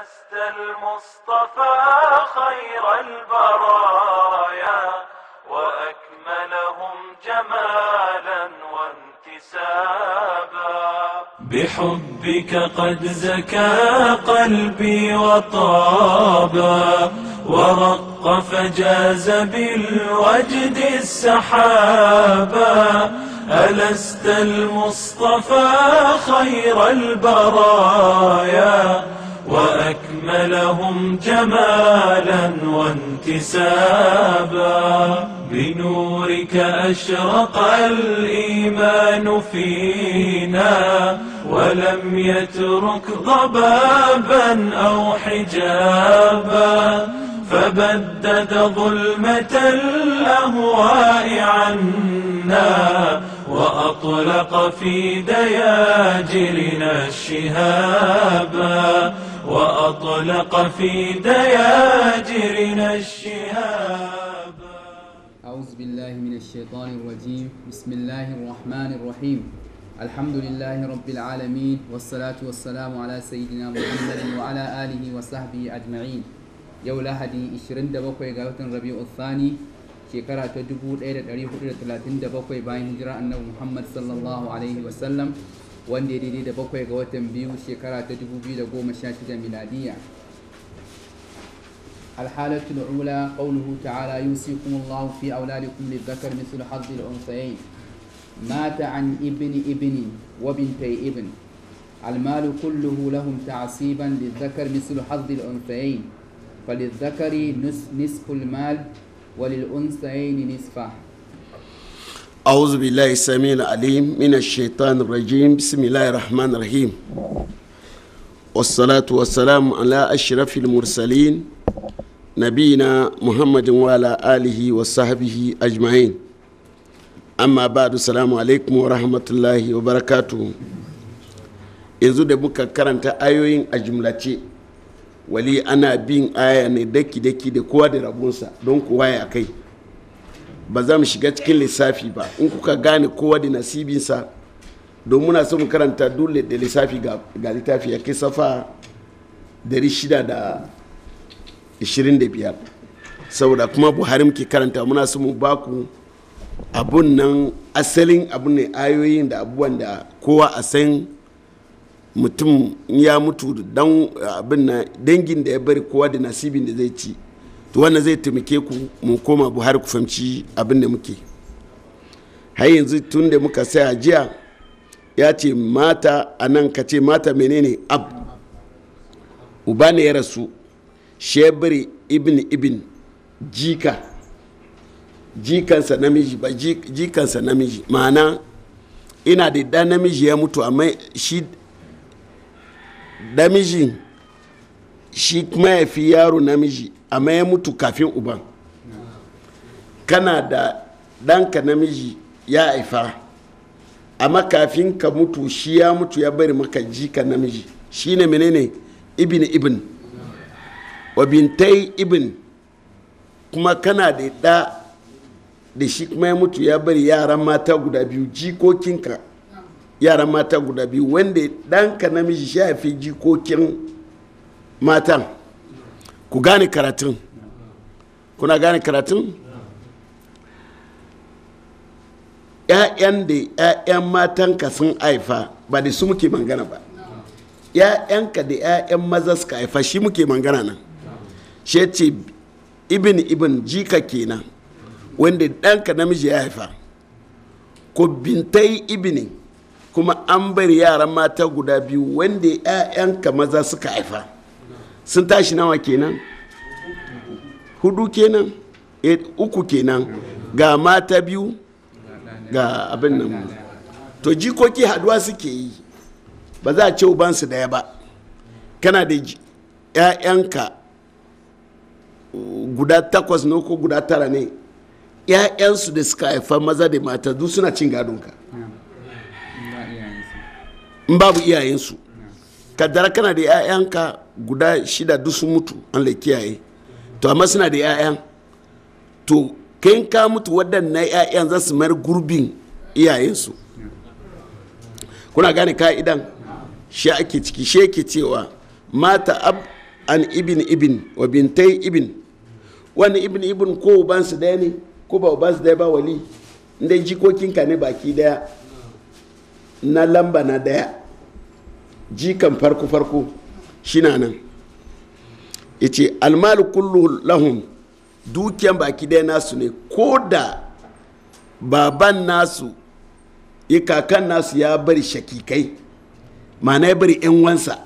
لست المصطفى خير البرايا وأكملهم جمالا وانتسابا بحبك قد زكى قلبي وطابا ورق فجاز بالوجد السحابا ألست المصطفى خير البرايا وأكملهم جمالا وانتسابا بنورك أشرق الإيمان فينا ولم يترك ضبابا أو حجابا فبدد ظلمة الأهواء عنا وأطلق في دياجرنا الشهابا وأطلق في دياجرنا الشهاب أعوذ بالله من الشيطان الرجيم بسم الله الرحمن الرحيم الحمد لله رب العالمين والصلاة والسلام على سيدنا محمد وعلى آله وصحبه أجمعين yau lahadi 27 ga watan rabi'u thani shekara ta 1437 bayan hijira annabi muhammad sallallahu alaihi wasallam wanda daidai da bakwai ga watan biyu shekara ta dubu biyu da goma 2016 miladiya alhalatul ula qawluhu ta'ala yusikum Allah fi awlalikum lil dhakari mithlu hadhi al unthayayn mata an ibni ibni wa bintay ibin al mal kulluhu lahum ta'siban lil dhakari mithlu hadhi al unthayayn fa lil dhakari nisfu al mal wa auzu billahi samina alim mina rajim bismillahi rahman rahim wasalatu wasalam ala ashirafil mursalin nabi na muhammadin wala alihi wa sahabihi ajma'in amma ba da salamu alaikum wa rahmatullahi wa barakatu yanzu da muka karanta ayoyin a jimlace wali ana bin aya ne daki-daki da kowa da rabunsa don kowa a kai ba za mu shiga cikin lissafi ba in kuka gane kowa da nasibinsa don muna so mu karanta dole da lissafi ga littafi ya kai safa 625 saboda kuma buhari muke karanta muna so mu baku abun nan asalin abun ne ayoyin da abubuwan da kowa a san mutum ya mutu don abin dangin da ya bari kowa da nasibin da zai ci to wannan zai taimake ku mu koma buhari ku fahimci abin da muke har yanzu tun da muka saya jiya ya ce mata a nan ka ce mata menene ab uba ne ya rasu shebiri ibn ibn jika jikansa namiji ba jikansa namiji ma'ana ina da ɗan namiji ya mutu amma shi namijin shi kuma ya fi yaro namiji amma ya mutu kafin uban kana da ɗanka namiji ya haifa amma kafin ka mutu shi ya mutu ya bari maka jika namiji shi ne menene ibn ibn wa bintai ibn kuma kana da ɗa da shi kuma ya mutu ya bari yaran mata guda biyu jikokinka yaran mata guda biyu wanda ɗanka namiji shi haifi jikokin matan ku gane karatun kuna gane karatun ‘ya'yan da ‘ya'yan matanka sun haifa ba da su muke mangana ba ‘ya'yanka da ‘ya'yan maza suka haifa shi muke mangana nan shi ce ibin ibin jika kenan wanda ɗanka namiji ya haifa ko bintai ibinin kuma an bari yaran mata guda biyu wanda ‘ya'yanka maza suka haifa sun tashi nawa kenan hudu kenan eh, uku kenan ga mata biyu ga abin nan to jikoki haduwa suke yi ba za a ce ubansu daya ba kana da ‘ya'yanka guda takwas ne ko guda tara ne ‘ya'yansu da suka haifa maza da mata duk suna cin gadonka in babu iyayensu kaddara kana da ‘ya'yanka guda shida duk sun mutu an lai kiyaye to amma suna da 'ya'yan to kai ka mutu waɗannan 'ya'yan za su mayar gurbin iyayensu kuna gane ka'idan shi ake ciki shi yake cewa mata ab an ibin ibin wa bintai ibin wani ibin ibin ko ubansu daya ne ko ba ubansu daya ba wali inda jikokinka ne baki daya na lamba na daya jikan farko farko shi na nan ya ce almalu kullu lahum dukiyan baki ɗaya nasu ne ko da baban nasu ya kakan nasu ya bari shakikai ma'ana ya bari 'yan wansa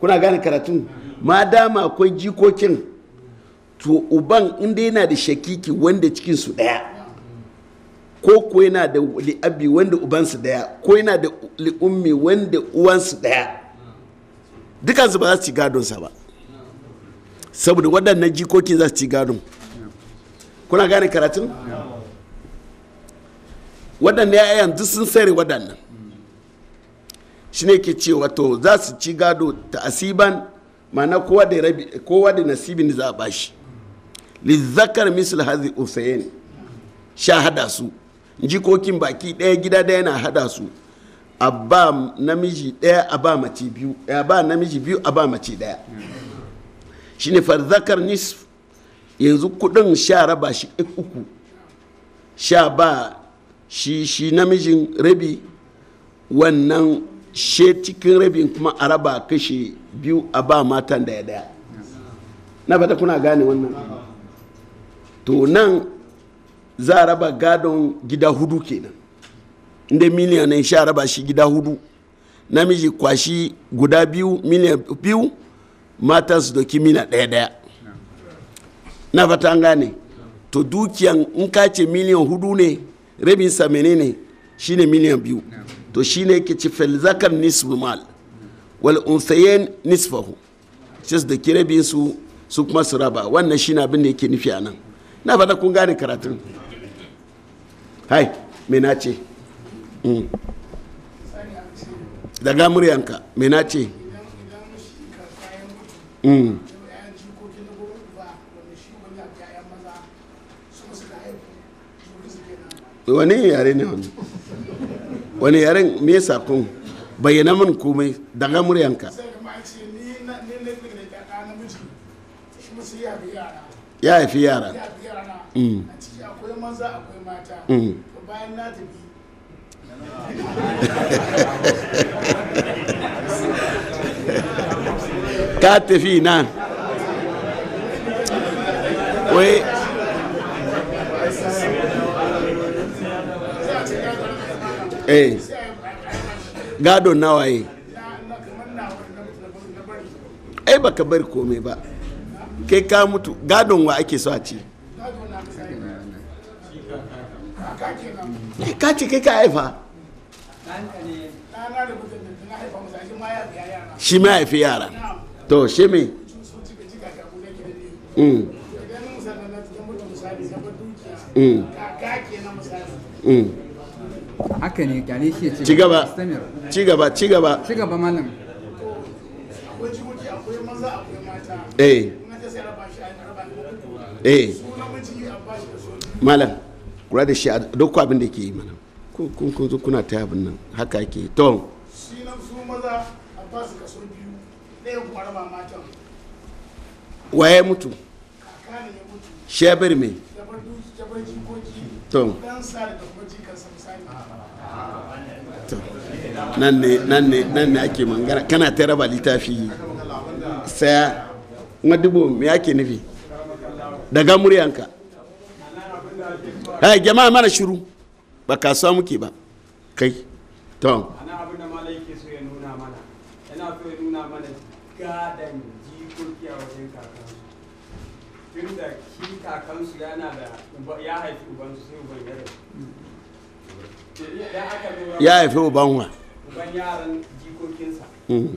kuna gane karatun ma dama akwai jikokin to uban inda yana da shakiki wanda cikinsu ɗaya ko ko yana da li'abi wanda ubansu ɗaya ko yana da li'ummi wanda uwansu ɗaya dukansu ba za su ci gadonsa ba saboda waɗannan jikoki za su ci gadon kuna gane karatun waɗannan ya'yan duk sun sayar waɗannan shi ne ke cewa to za su ci gado ta asiban ma'ana kowa da nasibin za a bashi lizzakar misul hazi usayen sha hada su jikokin baki ɗaya gida daya na hada su a ba namiji ɗaya a ba mace biyu a ba namiji biyu a ba mace ɗaya shine farzakar nisf yanzu kudin sha raba shi uku sha ba shi shi namijin rabi wannan she cikin rabin kuma a raba kashe biyu a ba matan daya daya na fata kuna gane wannan to nan za a raba gadon gida hudu kenan inda miliyan ne sha raba shi gida hudu namiji kwashi guda biyu miliyan biyu mata su doki mina ɗaya ɗaya na fata an gane to dukiyan in ka ce miliyan hudu ne rabin sa menene shine miliyan biyu to shine ke ci falzakar nisbu mal wal unsayen nisfahu sai su doki rabin su su kuma su raba wannan shine abin da yake nufi a nan na fata kun gane karatun hai me na ce daga muryanka mai na ce mm. wani yare ne wani wani yaren me sakon bayyana min komai daga muryanka ya haifi yara ya yara na a akwai akwai maza mata mm. bayan na tafi ka tafi na wai eh gado nawaye ai baka bari komai ba kai ka mutu gadon wa ake so a ci ka ce kai ka haifa shi ma haifi yara to shi me mm. Mm. Mm. haka ne malam kura da shi duk abin da ke yi malam kun zo kuna ta abin nan haka ake to shi nan su maza a ba su kaso biyu ɗaya kuma raba matan waye mutu kakane ya mutu shi me ya jikoki to dan sa da kuma jikansa misali nan ne nan ne nan ne ake mangana kana ta raba littafi sai madubo me ake nufi daga muryanka hai jama'a mana shiru ba kasuwa muke ba kai to ana abin da malai ke so ya nuna mana yana so ya nuna mana gadan jikoki a wajen kakansu tun da shi kakansu yana da ya haifi ubansu sai uban ya haifi uban wa uban yaran jikokinsa mm.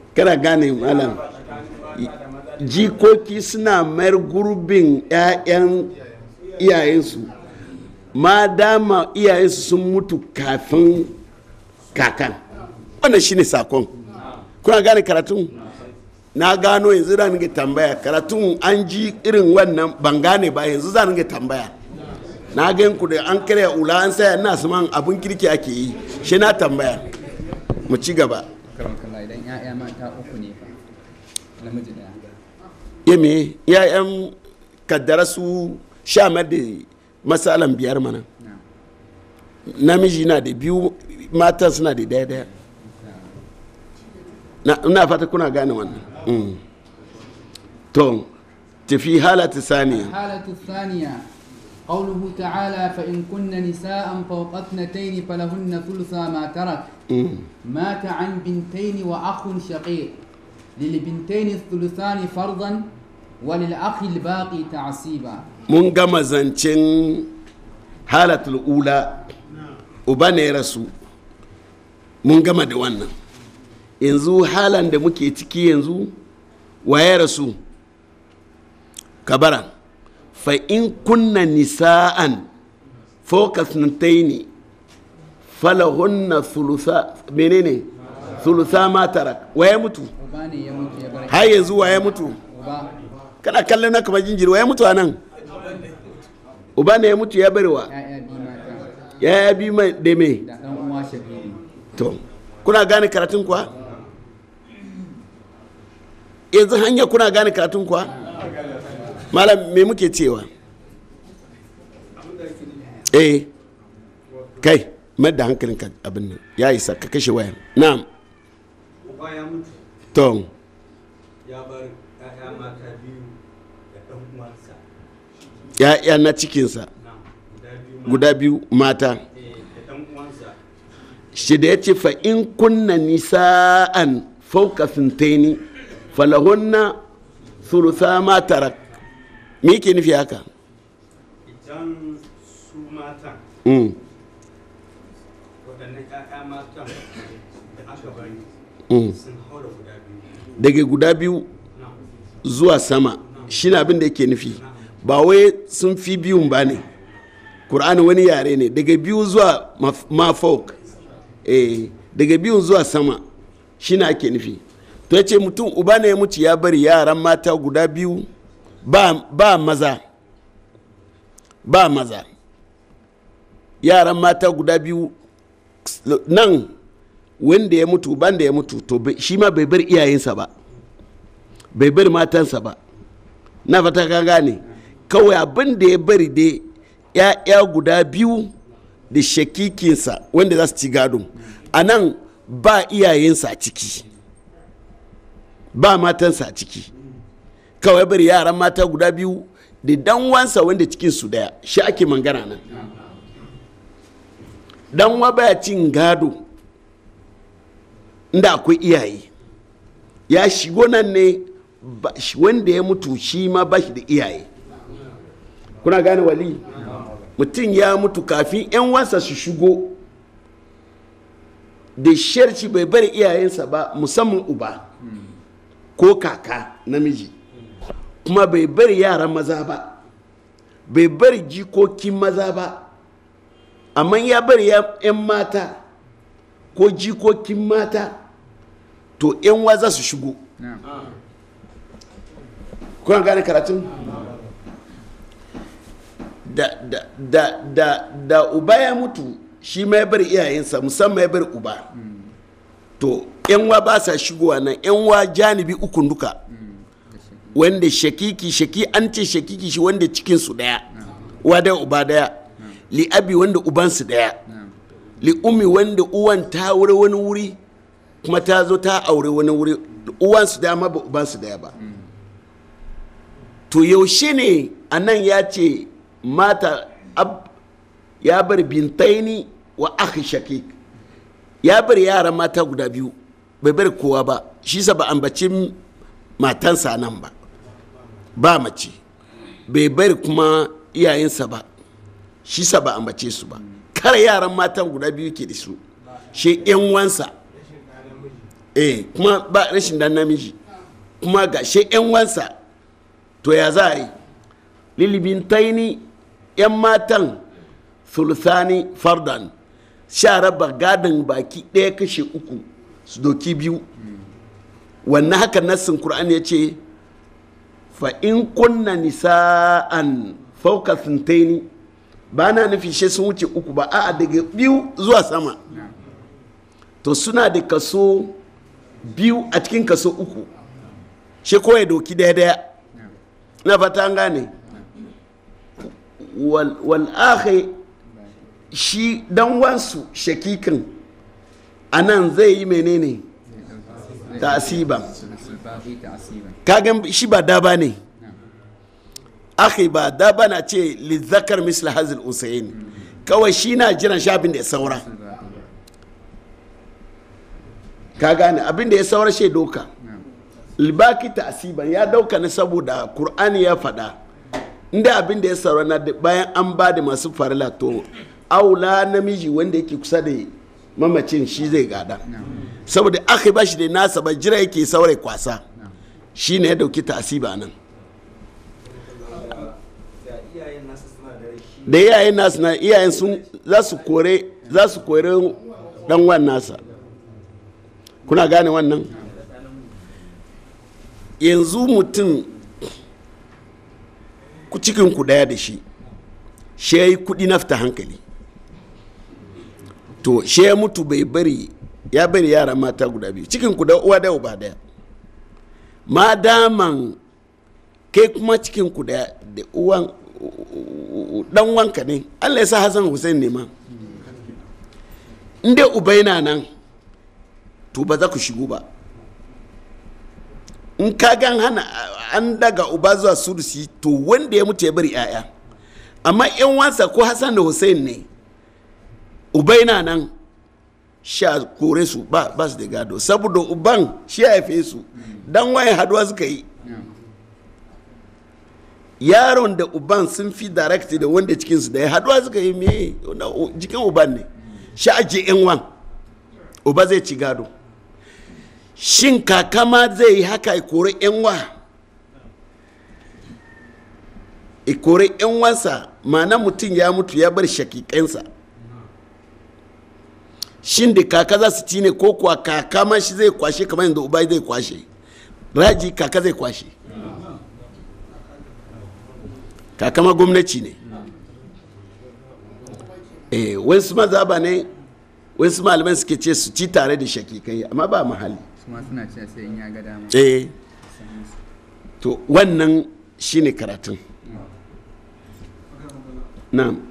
kana gane malam jikoki suna mayar gurbin 'ya'yan iyayensu ma dama iyayensu sun mutu kafin kakan wannan shine sakon kuna gane karatun na gano yanzu za ga tambaya karatun an ji irin wannan ban gane ba yanzu za ga tambaya na gan ku da an karya ula an saya ina suman abin kirki ake yi shi na tambaya mu ci gaba karan kalla idan ya'ya mata uku ne fa namiji daya ya me ya'yan kaddara su sha da matsalan biyar mana namiji na da biyu mata suna da daya daya na fata kuna gane wannan mm. to tafi halatu saniya halatu saniya قوله تعالى فإن كن نساء فوق اثنتين فلهن ثلثا ما ترك مات عن بنتين وأخ شقيق للبنتين الثلثان فرضا وللأخ الباقي تعصيبا من قام زنشن حالة الأولى وبني رسول mun gama da wannan yanzu halan da muke ciki yanzu waye rasu kabara fa in kunna nisa'an focus na taini na sulusa menene sulusa ma tarak waye mutu har yanzu waye mutu kana kallon na kamar jinjiri waye mutu a nan uba ne ya mutu ya bari wa ya ya bi mai da me to kuna gane karatun kuwa yanzu hanya kuna gane karatun kuwa malam me muke cewa eh kai mai da hankalin ka abin nan ya isa ka kashe wayan na'am uba ya mutu tom ya bar ya mata biyu da dan uwansa ya'ya na cikinsa guda biyu mata eh, shi da ya ce fa in kunna nisa'an fauka sintaini falahunna sulusa ma tarak me yake nufi haka idan su matan mm. waɗannan ƴaƴa matan da aka bari mm. sun haura guda biyu daga guda biyu zuwa sama shi na abin da yake nufi ba wai sun fi biyun ba ne ƙur'ani wani yare ne daga biyu zuwa mafok eh daga biyu zuwa sama shi na ake nufi to ya ce mutum uba ne ya mutu ya bari yaran mata guda biyu ba, ba maza ba maza yaran mata guda biyu nan wanda ya mutu banda ya mutu to shi ma bai bar iyayensa ba bai bar matansa ba na fata ka gane kawai abin da ya bari da ya'ya guda biyu da shakikinsa wanda za su ci gado a nan ba iyayensa ciki ba matansa ciki kawai bari yaran mata guda biyu da dan wansa wanda cikin su daya shi ake mangana nan dan wa baya cin gado inda akwai iyaye ya shigo nan ne wanda ya mutu shi ma ba shi da iyaye kuna gane wali mutum ya mutu kafin 'yan wansa su shigo da sharci bai bari iyayensa ba musamman uba ko kaka namiji kuma bai bari yara maza ba bai bari jikoki maza ba amma ya bari 'yan mata ko jikokin mata to 'yan wa za su shigo kuna gane karatun da da da uba ya mutu shi ma ya bari iyayensa musamman ya bari uba to 'yan wa ba sa shigowa nan 'yan janibi ukun duka wanda shakiki shaki an ce shakiki shi wanda cikin su daya uwa daya uba daya li abi wanda uban su daya li umi wanda uwan ta wuri wani wuri kuma ta zo ta aure wani wuri uwan su daya ma ba uban su daya ba to yaushe ne anan ya ce mata ab ya bar bintaini wa akhi shakik ya bar yara mata guda biyu bai bar kowa ba shi sa ba ambaci matansa nan ba ba mace bai bari kuma iyayensa ba shi sa ba mace su ba kar yaran matan guda biyu ke da su shi yan wansa eh kuma ba rashin dan namiji kuma ga shi yan wansa to ya za a yi lilibin taini yan matan sulsani fardan sha gadon baki ɗaya kashe uku su doki biyu wannan haka nassin kur'an ya ce fa in kunna nisa'an fauka sintaini ba na nufi shi sun wuce uku ba a'a daga biyu zuwa sama to suna da kaso biyu a cikin kaso uku shi kawai doki daya daya na fata an gane wal shi dan wansu shakikin nan zai yi menene tasiban kagan shi ba daba ne akhi ba daba na ce lizakar misla hazil usain hmm. kawai shi na jiran shafin da ya saura ka gane abin da ya saura shi doka libaki ta'asiban ya dauka ne saboda qur'ani ya faɗa inda abin da ya saura na bayan an ba da masu farila to aula namiji wanda yake kusa da mamacin shi zai gada saboda aka ba shi da nasa ba jira yake saurai kwasa shi ne ya dauki tasiba nan da iyayen nasu na iyayen sun za su kore za su kore dan wan nasa kuna gane wannan yanzu mutum cikin ku daya da shi shi ya yi kudi na fita hankali to she ya mutu bai bari ya bari yara mata guda biyu cikin ku da uwa da uba daya daman kai kuma cikin ku da uwan dan wanka ne allah ya sa hassan hussein ne ma inda ubaina nan to ba za ku shigo ba in ka gan hana an daga uba zuwa sudusi to wanda ya mutu ya bari 'ya'ya amma yan wansa ko hassan da hussein ne ubai na nan sha kore su ba ba su da gado saboda uban shi haife su dan waye haduwa suka yi yaron da uban sun fi direct da wanda cikin su da ya haduwa suka yi me jikin uban ne shi aji yan wan uba zai ci gado shin kaka ma zai yi haka ya kore yan wa ya kore yan wansa ma'ana mutum ya mutu ya bar shakikansa shin da kaka za su ci ne ko kuwa kaka ma shi zai kwashe kamar yadda uba zai kwashe raji kaka zai kwashe kaka ma gwamnati ne eh wasu mazaba ne wasu malamai suke ce su ci tare da shakikai amma ba mahalli eh to wannan shine karatun na'am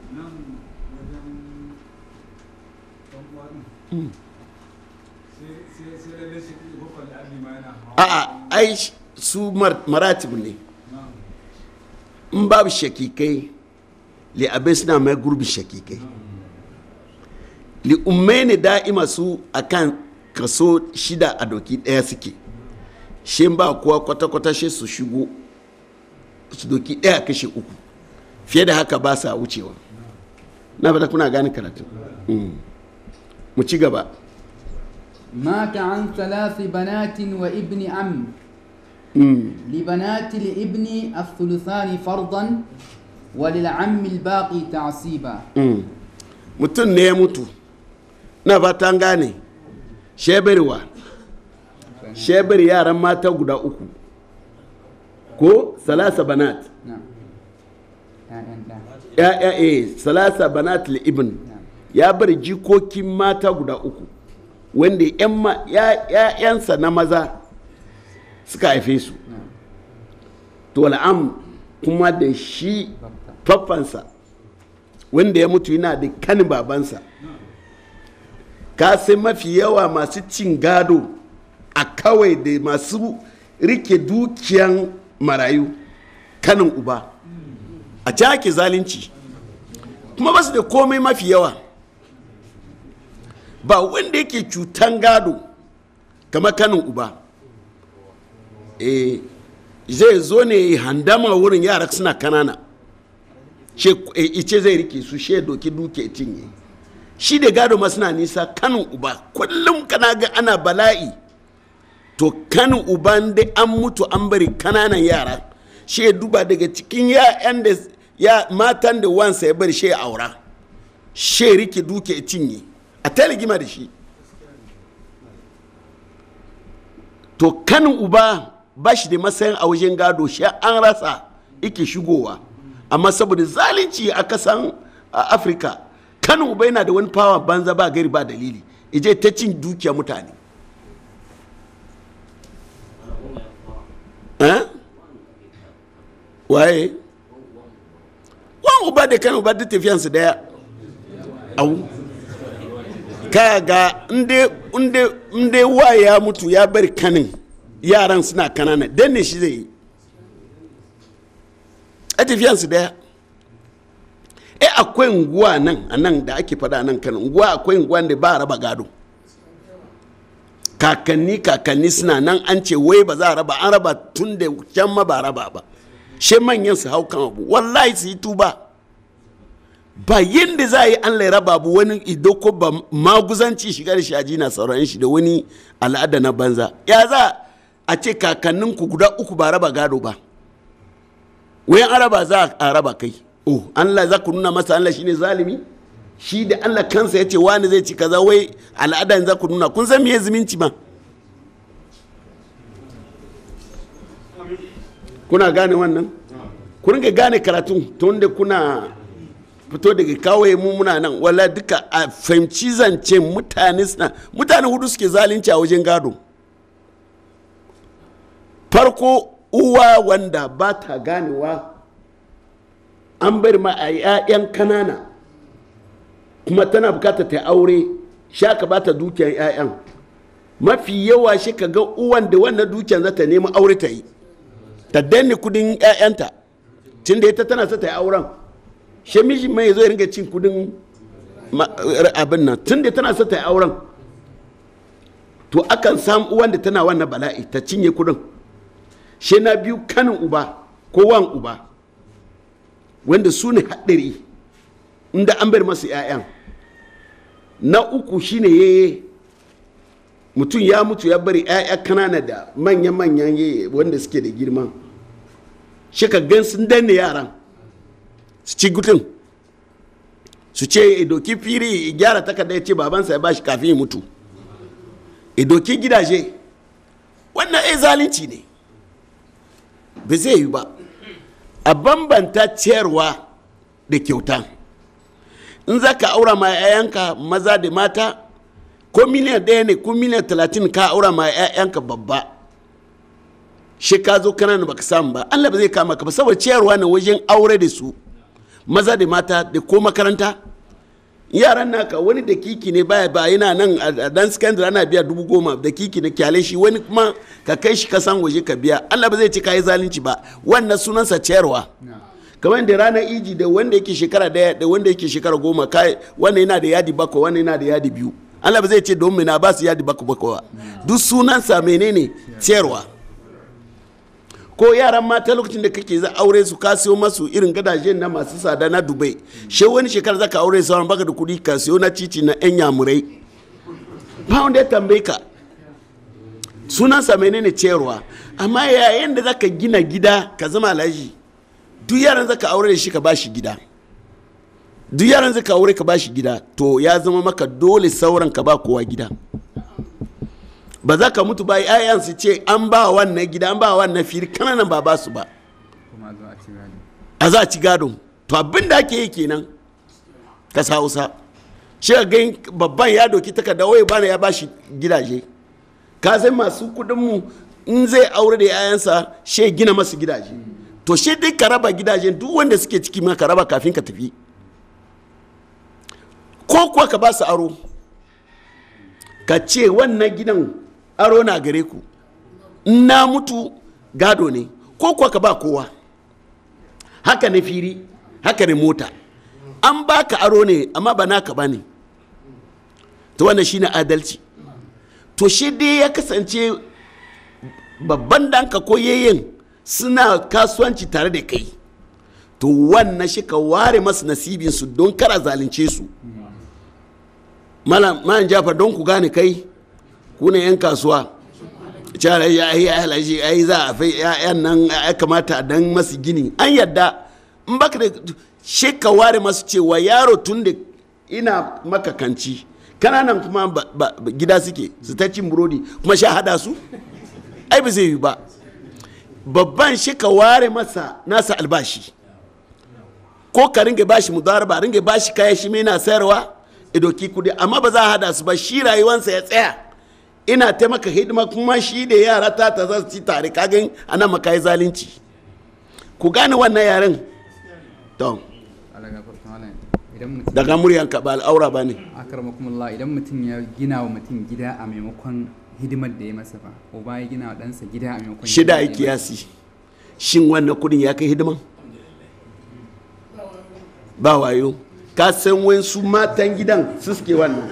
a'a ai su maratib ne in babu shakikai li abin suna mai gurbi shakikai li ummai ne da'ima su akan kaso shida a doki daya suke shi ba kuwa kwata-kwata shi su shigo su doki daya kashe uku fiye da haka ba sa wucewa na fata kuna gani karatu mm. mu ci gaba mata an salasi banatin wa ibni am لبنات الابن الثلثان فرضا mutum ne ya mutu na fatan gane shebirwa shebir yaran mata guda uku ko salasa banat ya'ya eh, salasa banat li ibn ya bar jikokin mata guda uku wanda ‘ya'yansa na maza suka haife su to am kuma da shi faffansa wanda ya mutu yana da kanin babansa ka sai mafi yawa masu cin gado a kawai da masu rike dukiyan marayu kanin uba a ciki ake zalunci kuma ba su da komai mafi yawa ba wanda yake cutan gado kamar kanin uba eh, zai zo ne handama wurin yara suna kanana eh, ice zai rike su she doki duke cinye shi da gado ma suna nisa kanin uba kullum kana ga ana bala'i to kanin uba da an mutu an bari kananan yara she duba daga cikin ya'yan da ya matan da wansa ya bari she aura she rike duke cinye a ta da shi to kan uba ba shi da matsayin a wajen gado shi an rasa ike shigowa amma saboda zalunci a kasan afirka kan uba yana da wani fawa banza ba gari ba dalili ije ta cin dukiya mutane eh? waye wan uba da kan uba da tafiyansu daya awu. kaga inda wa ya mutu ya bar kanin yaran suna kanana don ne shi zai yi a tafiyansu daya e akwai unguwa nan a nan da ake fada nan kan unguwa akwai unguwa da ba raba gado kakanni kakanni suna nan an ce wai ba za a raba an raba tun da can ma ba raba ba shi manyan su hau kan abu wallahi su yi tuba ba yinda za a yi an ya raba wani wani ko ba maguzanci shigar shi a na sauran shi da wani al'ada na banza ya za a ce ku guda uku ba raba gado ba wayan araba za a raba kai oh allah za ku nuna masa allah shine zalimi shi da allah kansa ya ce wani zai ci kaza wai al'ada za ku nuna kun san me zumunci ma kuna gane wannan kun ga gane karatun tun kuna fito daga kawai mu muna nan wala duka a fahimci zance mutane suna mutane hudu suke zalunci a wajen gado farko uwa wanda ba ta ganewa an bar ma a ‘ya'yan kanana kuma tana bukata ta aure sha ka ba ta dukiyar ‘ya'yan mafi yawa shi ka ga uwan da wannan dukiyar za ta nemi aure ta yi ta danne kudin ‘ya'yanta tun da ita tana sa ta yi auren shi miji mai ya zo ya ringa cin kudin abin nan tun da tana sata ta auren to akan samu uwan da tana wannan bala'i ta cinye kudin shi na biyu kanin uba ko wan uba wanda su ne haɗari inda an bar masu 'ya'yan na uku shine yaye mutum ya mutu ya bari 'ya'ya kanana da manya-manyan yaye wanda suke da girma shi ka gan sun danne yaran su ci gutun su ce e, doki firi e, gyara takarda ya ce babansa ya shi kafin ya mutu e, doki gidaje wannan ai zalunci ne ba zai yi ba a bambanta ciyarwa da kyauta in za ka aura ma 'ya'yanka maza da mata ko miliyan ɗaya ne ko miliyan talatin ka aura ma 'ya'yanka babba shi ka zo ba ka samu ba allah ba zai kama ka ba saboda ciyarwa ne wajen aure da su maza da mata da ko makaranta yaran naka wani da kiki ne baya ba yana nan a dan secondary ana biya dubu goma da kiki ne kyale shi wani kuma ka kai shi kasan waje ka biya Allah ba zai ci kayi zalunci ba wannan sunansa ciyarwa kamar da ranar iji da wanda yake shekara daya da wanda yake shekara goma kai wannan yana da yadi bako wannan yana da yadi biyu Allah ba zai ce don me na ba su yadi bako bako duk sunansa menene ciyarwa ko yaran mata lokacin da kake za aure su ka siyo masu irin gadajen na masu sada na dubai she wani shekara zaka aure sauran baka da kuɗi ka siyo na cici na yan yamurai ba wanda ya tambaye ka sunan sa menene ciyarwa amma yayin da zaka gina gida ka zama alaji duk yaran zaka aure da shi ka bashi gida duk yaran zaka aure ka bashi gida to ya zama maka dole sauran ka ba kowa gida ba za ka mutu ba yayan su ce an ba wannan gida an ba wannan fili kananan ba ba su ba a za a ci gado to abin da ake yi kenan sa hausa shi ga babban ya doki takarda waye bana ya ba shi gidaje ka sai masu kudin mu in zai aure da yayansa shi gina masu gidaje to shi dai ka raba gidajen duk wanda suke ciki ma ka raba kafin ka tafi ko kuwa ka ba su aro ka ce wannan gidan aro na gare ku na mutu gado ne ko kuwa ka ba kowa haka ne firi haka ne mota an ba ka aro ne amma ba naka ba ne ta wannan shine adalci to shi dai ya kasance babban danka ko yayin suna kasuwanci tare da kai to wannan shi ka ware masu nasibinsu don kara zalunce su malam jafar don ku gane kai ku yan kasuwa cewa ya yi halashi ai za a fai yayan nan ya kamata a dan masu gini an yadda in baka da sheka ware masu cewa yaro tun da ina maka kanci kananan kuma gida suke su ta cin burodi kuma sha hada su ai ba zai yi ba babban sheka ware masa nasa albashi ko ka ringa bashi ba, ringa bashi kaya shi mai na sayarwa idoki kudi amma ba za a hada su ba shi rayuwansa ya tsaya ina taimaka hidima kuma shi da yara ta ta za su ci tare kagan ana maka yi zalunci ku gane wannan yaren don daga muryan ka ba al'aura ba ne akramakumullah idan mutum ya gina wa mutum gida a maimakon hidimar da ya masa ba uba ya gina wa ɗansa gida a maimakon shida ya kiyasi shin wannan kudin ya kai hidiman ba wayo ka san wani su matan gidan su suke wannan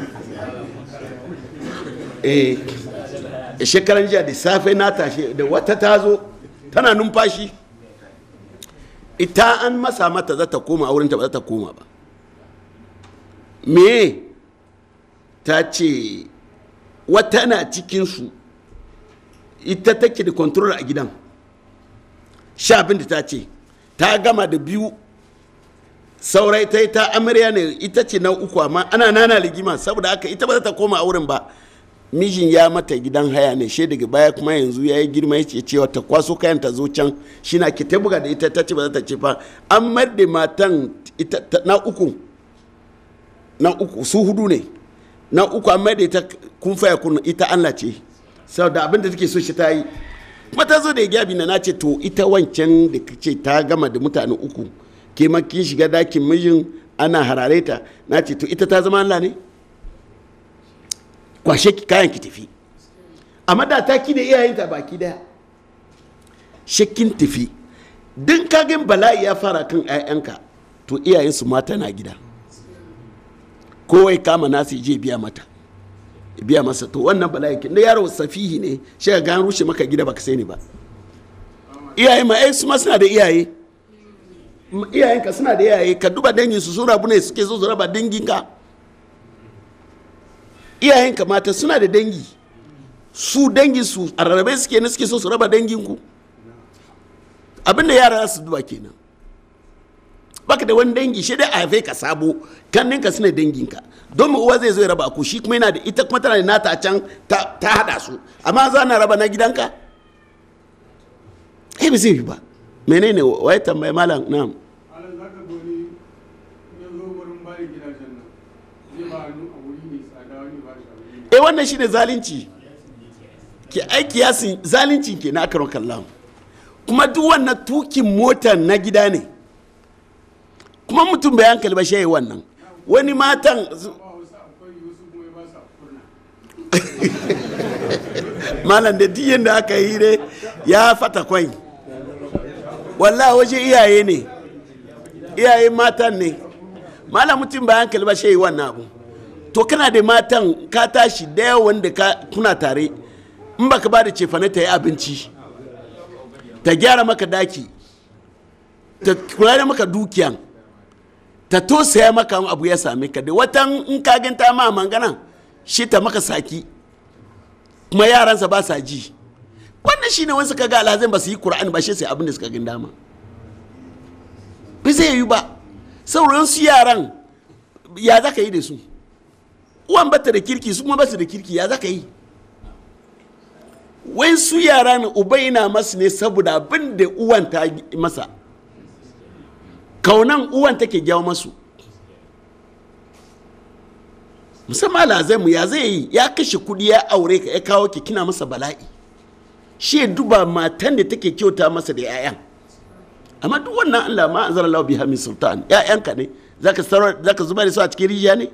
eh shekaran jiya da safe na tashi da wata ta zo tana numfashi ita an masa mata za ta koma aurinta ba za ta koma ba me ta ce wata na cikinsu ita take da control a gidan sha abin da ta ce ta gama da biyu saurai ta yi ta amarya ne ita ce na uku amma ana nana ligima saboda haka ita ba za ta koma auren ba mijin ya mata gidan haya ne she daga baya kuma yanzu ya yi girma ya ce cewa ta kwaso kayan ta zo can shi na ke ta buga da ita ta ce ba za ta ce fa an mar da matan ita na uku na uku su hudu ne na uku an da ita kun faya kun ita Allah ce saboda abin da take so shi ta yi kuma ta zo da ya gyabi na na ce to ita wancan da ka ce ta gama da mutane uku ke kin shiga dakin mijin ana harare ta na ce to ita ta zama Allah ne kwashe ki kayan ki tafi amma da ta ki da iyayenka baki daya shakin tafi din kagin bala'i ya fara kan ka to iyayen su mata na gida kowai kama nasu je biya mata biya masa to wannan bala'i kin da yaro safihi ne shi ga gan rushe maka gida baka ni ba iyaye ma ai eh, su ma suna da iyaye ka suna da iyaye ka duba dangin su sura bune suke so su raba dangin ka iyayenka mata suna da dangi su dangi su a rarrabe suke ne suke so su raba dangin ku abinda yara su duba kenan baka da wani dangi shi dai a haife ka sabo kan ka suna danginka don mu uwa zai zo ya raba ku shi kuma yana da ita kuma tana da nata can ta hada su amma za na raba na gidanka eh ba zai yi ba menene wai tambaye malam na'am eh wannan shine zalunci ke aiki yasin zalunci ke na akaron kallon kuma duk wannan tukin mota na gida ne kuma mutum bai hankali ba shi wannan wani matan malam da diyan da aka yi ne ya fata kwai wallahi waje iyaye ne iyaye matan ne malam mutum bai hankali ba shi wannan abu to kana da matan ka tashi da wanda kuna tare in ka ba da cefane ta yi abinci ta gyara maka daki ta kula da maka dukiyan ta tosaya maka abu ya same ka da watan in ka ganta ma mangana shi ta maka saki kuma yaransa ba sa ji wannan wani wasu ga alhazin ba su yi kur'ani ba shi sai abin da suka gin dama ba zai yi ba sauransu yaran ya ka yi da su uwan bata da kirki su kuma basu da kirki ya zaka yi wai su yara ne uba yana masu ne saboda abin da uwan ta masa kaunan uwan take jawo masu musamman lazaimu ya zai yi ya kashe kudi ya aure ka ya kawo ki kina masa bala'i shi duba matan da take kyauta masa da 'ya'yan amma duk wannan allah ma an zara lau biha min sultan 'ya'yanka ne ka zuba da su a cikin rijiya ne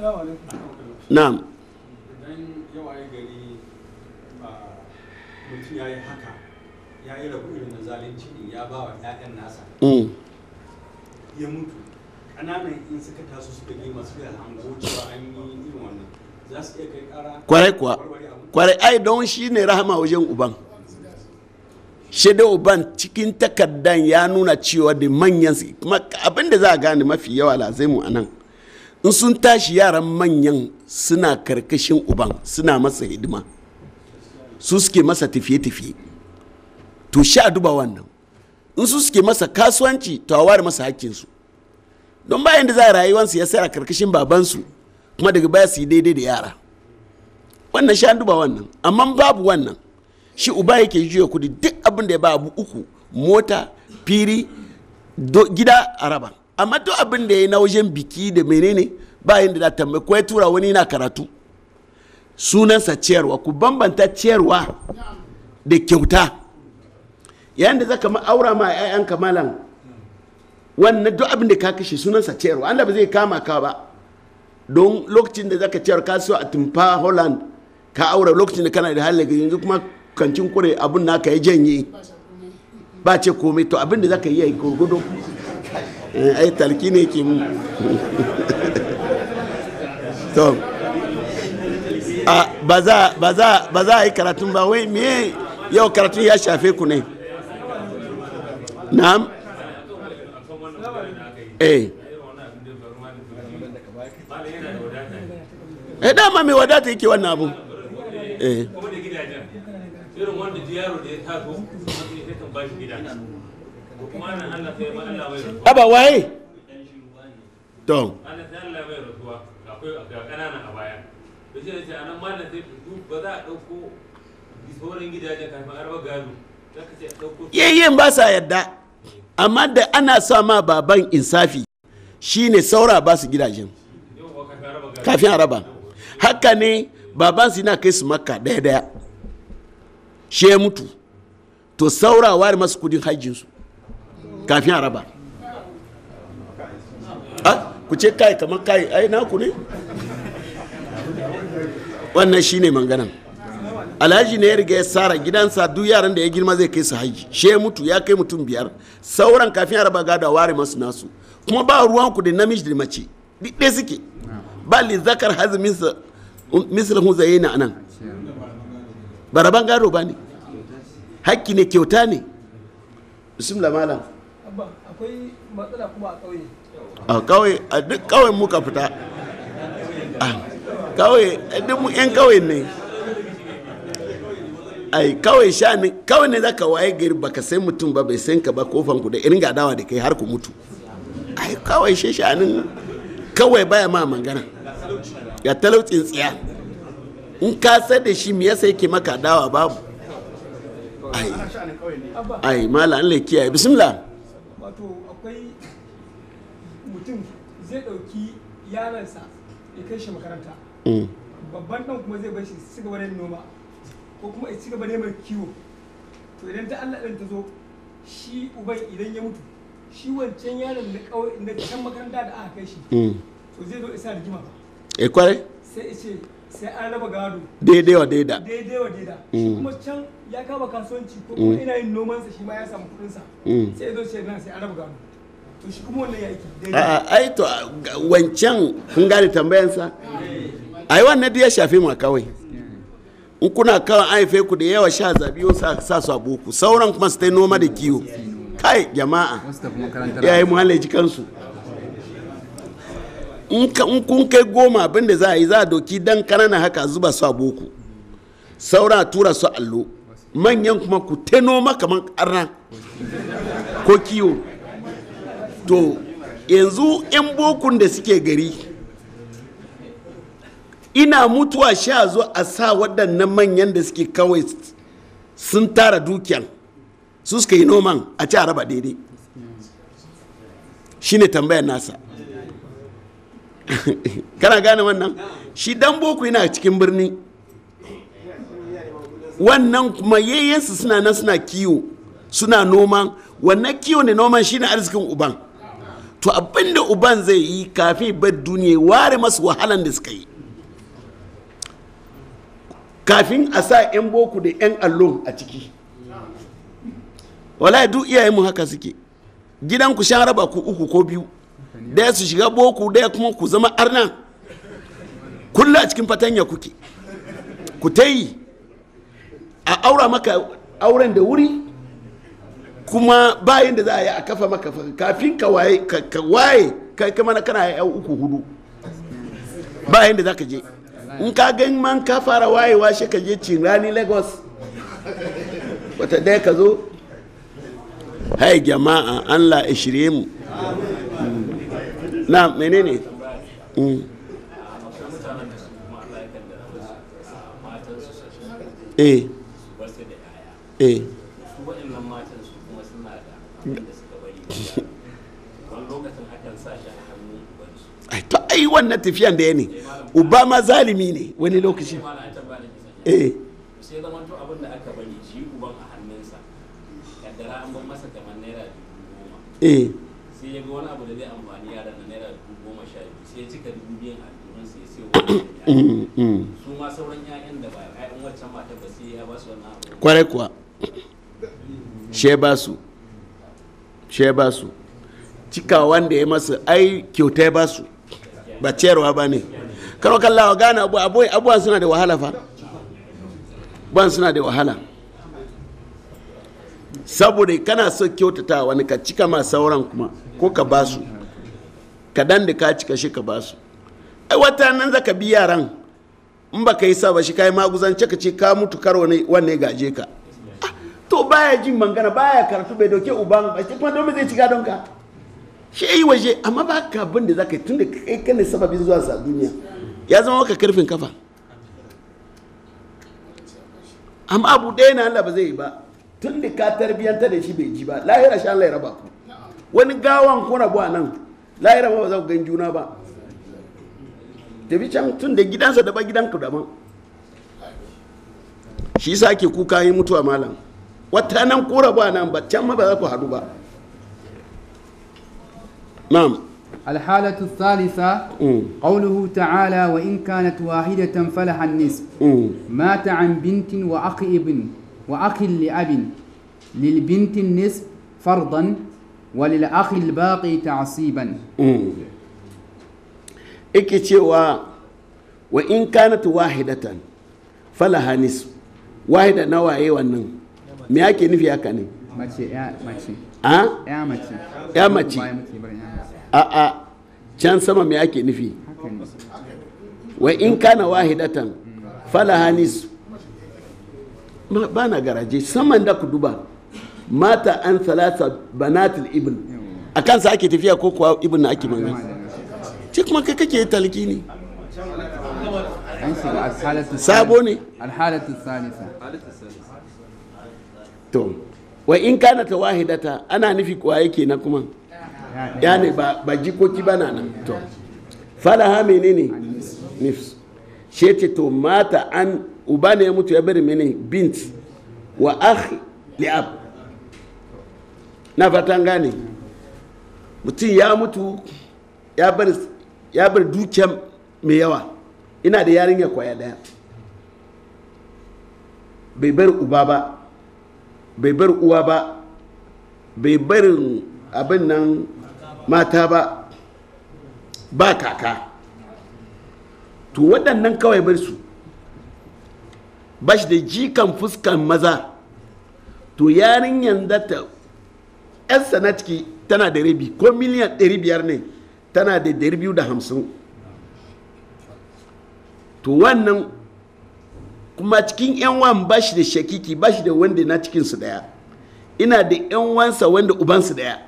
na'am idan yawa ya gari mutum ya yi haka ya yi rabu irin na zalunci ne ya ba wa 'ya'yan nasa mm. ya mutu ƙananan in suka taso suka yi masu da hango cewa an yi irin wannan za su iya kai ƙara kwarai kuwa kwarai ai don shi ne rahama wajen uban shi da uban cikin takardan ya nuna cewa da manyan su abin da za a gane mafi yawa lazai mu a nan in sun tashi yaran manyan suna karkashin uban suna masa hidima su suke masa tafiye-tafiye to sha duba wannan in su suke masa kasuwanci to a ware masa hakkinsu don bayan da za a rayuwansu ya sai a karkashin babansu kuma daga baya su yi daidai da yara wannan sha duba wannan amma babu wannan shi uba yake juya kudi duk abin da ya ba abu uku mota firi gida a raba amma duk abin da ya na wajen biki da menene yin da tambaye ko ya tura wani na karatu sunansa ciyarwa ku bambanta ciyarwa da kyauta yayin da zaka aura ma 'ya'yan kamalan wannan duk abin da ka kashe sunansa ciyarwa Allah ba zai kama ka ba don lokacin da zaka ciyar ka so a tumfa Holland ka aura lokacin da kana da halin yanzu kuma kancin kure abun naka ya janye ba ce komai to abin da zaka yi ya yi gurgudu Eh, ai talki ne ke mu to ba za a yi karatun ba wai me yau karatun ya shafe ku ne na'am eh eh dama mai wadata yake wannan abu eh da ya taso ya kan aba waye to yayin ba sa yadda amma da ana sa ma baban insafi shine saura ba su gidajen kafin araba haka ne baban su na kai su makka daya daya she mutu to saura ware masu kudin hajjinsu kafin a raba ah, ku ce kai kamar kai ai naku ne wannan shine manganan alhaji ne ya riga ya tsara gidansa duk yaran da ya girma zai kai su haji she mutu ya kai mutum biyar sauran kafin araba gada ware masu nasu kuma ba ruwan ku da namiji da mace duk ɗaya suke ba li zakar hazi um, misal hun zaye na anan baraban gado ba ne hakki ne kyauta ne bismillah malam akwai matsala kuma a ƙauye a ƙauye a duk ƙauyen muka fita a ƙauye a duk mu yan ƙauye ne ai kawai sha ne kawai ne zaka waye gari baka sai mutum ba bai san ka ba kofan ku da irin gadawa da kai har ku mutu ai kawai shi shanin kawai baya ma mangana ya talaucin tsiya in ka san da shi me yasa yake maka dawa babu ai ai mala Allah kiyaye bismillah wato akwai mutum zai ɗauki yaransa ya kai shi makaranta mm. babban ɗan kuma zai bar shi su gaba da noma ko kuma ya ci gaba da mai kiwo to idan ta Allah ɗan ta zo shi uban idan ya mutu shi wancan yaron na kawai na can makaranta da aka kai shi mm. to zai zo isa rigima e kwarai sai ya ce sai an raba gado daidai wa daida daidai wa daida mm. kuma can ya kama kasuwanci ko kuma mm. ina yin nomansa shi ma ya samu kuɗinsa mm. sai ya zo shi nan sai an raba gano to shi kuma wannan ya yake a'a ai to wancan kun gane tambayansa eh. ai wannan duk ya shafe ma kawai in kuna kawai an haife ku da yawa sha zabi sa sa su aboku sauran kuma su ta noma da kiwo kai jama'a ya yi muhallaji kansu in kun kai goma abin da za a yi za a doki dan kanana haka zuba su aboku saura tura su allo manyan kuma ku teno noma kamar karna ko kiwo to yanzu 'yan bokun da suke gari ina mutuwa sha zo a sa waɗannan manyan da suke kawai sun tara dukiyan su suka yi noman a ci araba daidai shi ne tambayar nasa kana gane wannan shi dan boku yana cikin birni wannan kuma yayyansu suna nan suna kiwo suna noman wannan kiwo ne noman shine arzikin uban to abinda uban zai yi kafin bar duniya ware masu wahalan da suka yi kafin a sa 'yan boku da 'yan allo a ciki wala duk iyayen mu haka suke gidan ku shan raba ku uku ko biyu daya su shiga boku daya kuma ku zama arna kulla cikin fatanya kuke ku ta yi a aura maka auren da wuri kuma bayan da za a yi a kafa maka kafin ka waye ka waye kai kama na kana yau uku hudu bayan da za ka je in ka gan man ka fara wayewa shi ka je rani lagos wata daya ka zo hai jama'a allah ya shirye mu na menene mm. eh eh to ai wannan tafiya da ya ne uba zalimi ne wani lokaci eh sai zaman to abin da aka bari shi uban a hannunsa kaddara an bar masa kamar naira eh sai ya ga wani abu da zai amfani yaran na naira goma sha biyu sai ya cika dubu biyan a sai sai wani su ma sauran 'ya'yan da ba 'ya'yan waccan mata ba sai ya ba su wannan abu kwarai kuwa she ba su she ba su cika wanda ya masa ai kyauta ya ba su ba ciyarwa ba ne karo kallawa gane abubuwan suna da wahala fa ban suna da wahala saboda kana so kyautata wani ka cika ma sauran kuma ko ka ba su dan da ka cika shi ka ba su ai wata nan za ka bi yaran in ba ka yi sa ba shi ka yi maguzan ka ce ka mutu karo ne wanne gaje ka baya jin mangana baya karatu bai dauke uban ba shi kuma domin zai ci gadon ka shi yi waje amma ba ka abin da zaka yi tunda kai kana sababin zuwa sa duniya ya zama maka karfin kafa amma abu ɗaya na Allah ba zai yi ba tun ka tarbiyanta da shi bai ji ba lahira sha Allah ya raba ku wani gawan ko rabu a nan lahira ba za ku gan juna ba tafi can tun da gidansa daban gidanku daban shi sa ke kuka yi mutuwa malam wata nan kura ba nan ba can ma ba za ku haɗu ba na'am الحالة الثالثة مم. قوله تعالى وإن كانت واحدة فلها النصف مات عن بنت وأخ ابن وأخ لأب للبنت النصف فرضا وللأخ الباقي تعصيبا إكتشوا وإن كانت واحدة فلها نصف واحدة نوعي ونن me ake nufi haka ne mace ya mace a mace a can sama me ake nufi wa in kana wahidatan falaha nisu ba na garaje saman da ku duba mata an salata banatul ibn a kansa ake tafiya ko kuwa ibn na ake magana ce kuma kai kake talki ne sabo ne alhalatu salisa to wa in kana ta wahidata ana nufi kuwa yake na kuma ya ne ba jikoki ba na nan to falaha menene nifs she ce to mata an uba ne ya mutu ya bari mene bint wa akhi li'ab na fatan gane mutum ya mutu ya bar ya bar mai yawa ina da yarinya kwaya daya bai bar uba ba bai bar uwa ba bai barin abin nan mata ba ba kaka to waɗannan kawai bar su ba shi da jikan fuskan maza to yarin yanzu ta yarsa na ciki tana da rabi ko miliyan 500 ne tana da 250 to wannan kuma cikin yan wan ba shi da shakiki ba shi da wanda na cikin su daya ina da yan wansa wanda uban su daya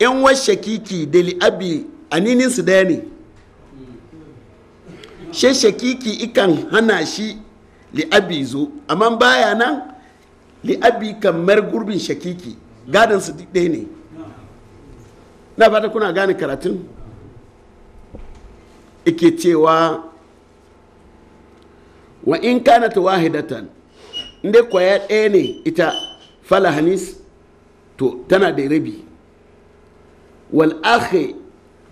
yan wan shakiki da li'abi aninin su daya ne she shakiki ikan hana shi li'abi zo amma baya nan li'abi kamar gurbin shakiki gadon su ɗaya ne na fata kuna gane karatun ike cewa wa in kana ta wahidatan inda kwaya ɗaya ne ita fala hanis to tana da rabi wal akhi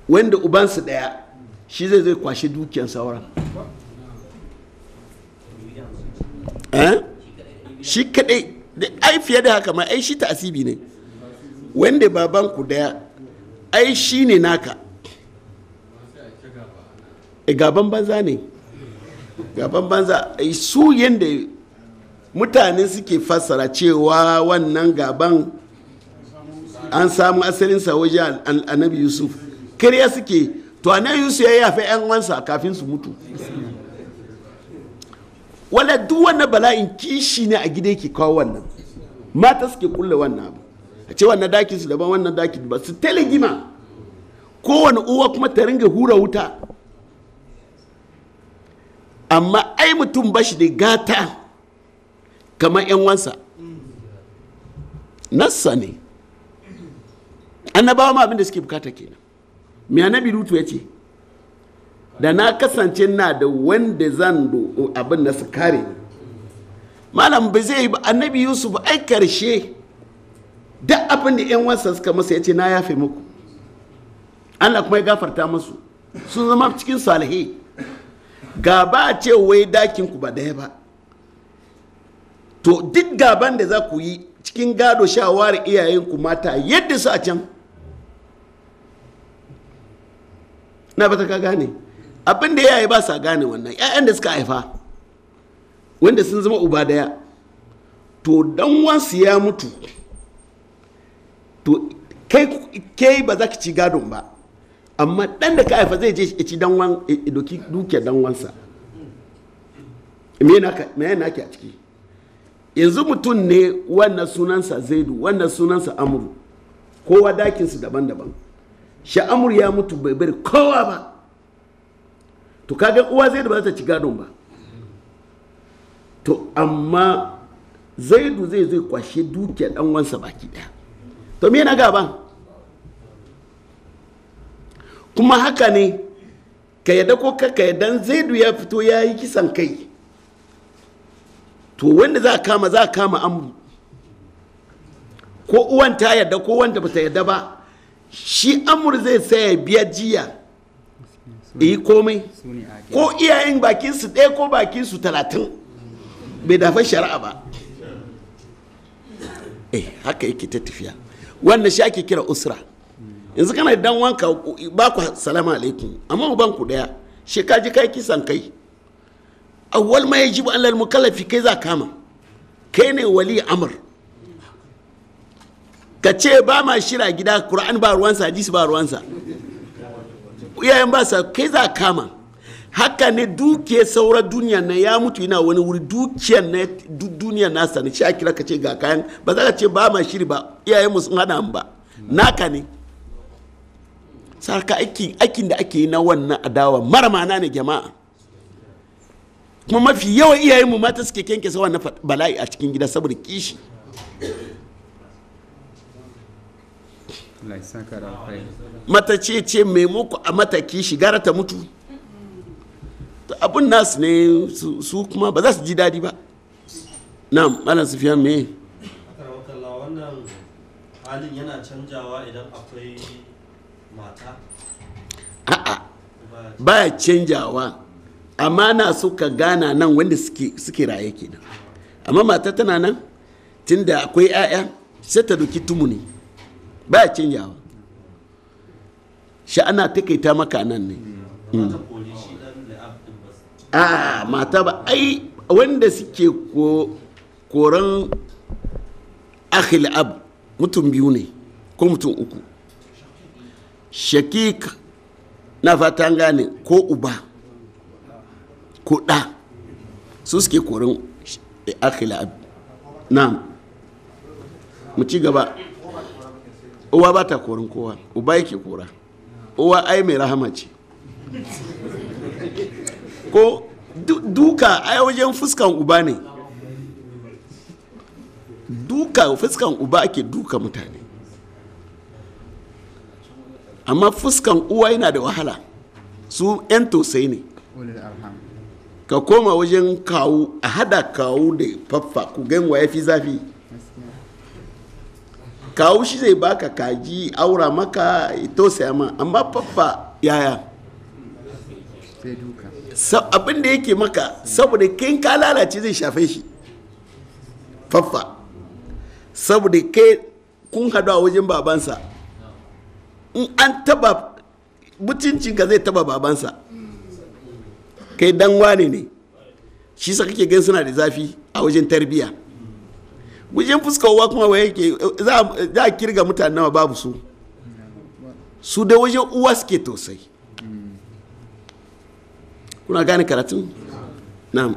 wanda ubansa ɗaya shi zai zai kwashe dukiyar sauran eh? shi kadai ai fiye da haka ma ai shi ta asibi ne wanda baban ku daya ai shi ne naka eh, gaban banza ne gaban banza su yadda mutane suke fassara cewa wannan gaban an samu asalinsa waje annabi yusuf kariya suke to annabi yusuf ya yafe yan wansa kafin su mutu wala duk wannan bala'in kishi ne a gida yake kawo wannan mata suke kulle wannan abu a ce wannan dakin su daban wannan dakin ba su telegima kowane uwa kuma ta ringa hura wuta amma ai mutum ba shi da gata kamar 'yan wansa nassa ne annabawa ma abin da suke bukata kenan mai annabi rutu ya ce da na kasance na da wanda zan do abin da su kare malam ba zai yi ba annabi yusuf ai karshe duk abin da 'yan wansa suka masa ya ce na yafe muku allah kuma ya gafarta masu sun zama cikin salihai gaba a ce wai dakin ku ba daya ba to duk gaban da za ku yi cikin gado iyayen ku mata yadda su a can na bata ka gane abin da yi ba sa gane wannan 'ya'yan da suka haifa wanda sun zama uba daya to dan wansu ya mutu to kai ba za ki ci gadon ba amma dan da ka haifa zai je ci danwan doki dukiyar dan wansa me naka me a ciki yanzu mutum ne wannan sunansa zaidu wannan sunansa amuru kowa dakinsu daban-daban amuru ya mutu bai bari kowa ba to kaga uwa zaidu ba za ta ci gadon ba to amma zaidu zai zai kwashe dukiyar dan wansa baki daya to me na gaban kuma haka ne ka yadda ko ka yadda zaidu ya fito ya yi kisan kai to wanda za a kama za a kama an ko uwan ta yadda ko wanda ba ta yadda ba shi amur zai saya biya jiya yi komai ko iyayen bakinsu ɗaya ko bakinsu talatin bai dafa shari'a ba eh haka yake ta tafiya wannan shi ake kira usra yanzu kana dan wanka ba ku salamu alaikum amma uban ku daya shi ka ji kai kisan kai awwal ma yajibu an lal mukallafi kai za kama kai ne wali amr ka ce ba ma shira gida qur'an ba ruwansa hadisi ba ruwansa iyayen ba sa kai za kama haka ne duke saura duniya na ya mutu ina wani wuri dukiyar na duniya na sani shi a kira ka ce ga kayan ba za ka ce ba ma shiri ba iyayen mu sun hada ba naka ne sarka aikin aikin da ake yi na wannan adawa mara mana ne jama'a kuma mafi yawan iyayen mu mata suke kenke sa wannan bala'i a cikin gida saboda kishi mata ce ce mai muku a mata kishi gara ta mutu abun nasu ne su kuma ba za su ji daɗi ba na malam sufiyan me wannan halin yana canjawa idan akwai a'a baya canjawa amma na so ka gana nan wanda suke raye nan amma mata tana nan tunda akwai 'ya'ya sai ta doki tumuni baya canjawa ta kai takaita maka nan ne hmm. a hmm. mata ba ai wanda suke koran akhil ab mutum biyu ne ko mutum uku shakik na fatan gane ko uba ko ɗa su suke korin akila na mu ci gaba uwa ba ta korin kowa uba yake kora uwa ai mai rahama ce ko duka ai wajen fuskan uba ne duka fuskan uba ake duka mutane amma fuskan uwa yana da wahala su 'yan tosai ne ka koma wajen kawo a hada kawo da faffa ku ganwa ya fi zafi kawo shi zai baka kaji aura maka ito ma amma faffa yaya abin da yake maka saboda kai ka lalace zai shafe shi faffa saboda kai kun hadu a wajen babansa in an taba mutuncinka zai taba babansa kai dan wane ne shi sa kake gan suna da zafi a wajen tarbiya wajen fuskawa kuma waye ke za a kirga mutane nawa babu su su da wajen uwa suke tosai kuna gane karatun na'am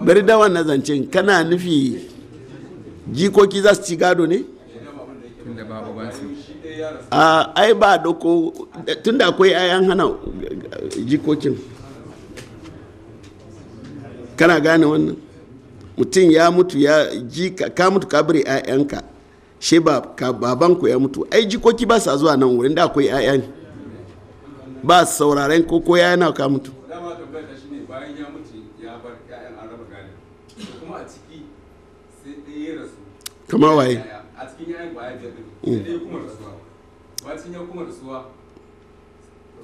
bari da wannan zancen kana nufi jikoki za su ci gado ne a ai ba doko tun da akwai ayan hana jikokin kana gane wannan mutum ya mutu ya ji ka mutu kabiri 'ya'yanka she baban ku ya mutu ai jikoki ba sa zuwa nan wurin da akwai 'ya'ya ne ba sauraren ko ko yana ka mutu kamar waye a cikin yayin kwaya biyar din mm. sai kuma rasuwa bacin ya kuma rasuwa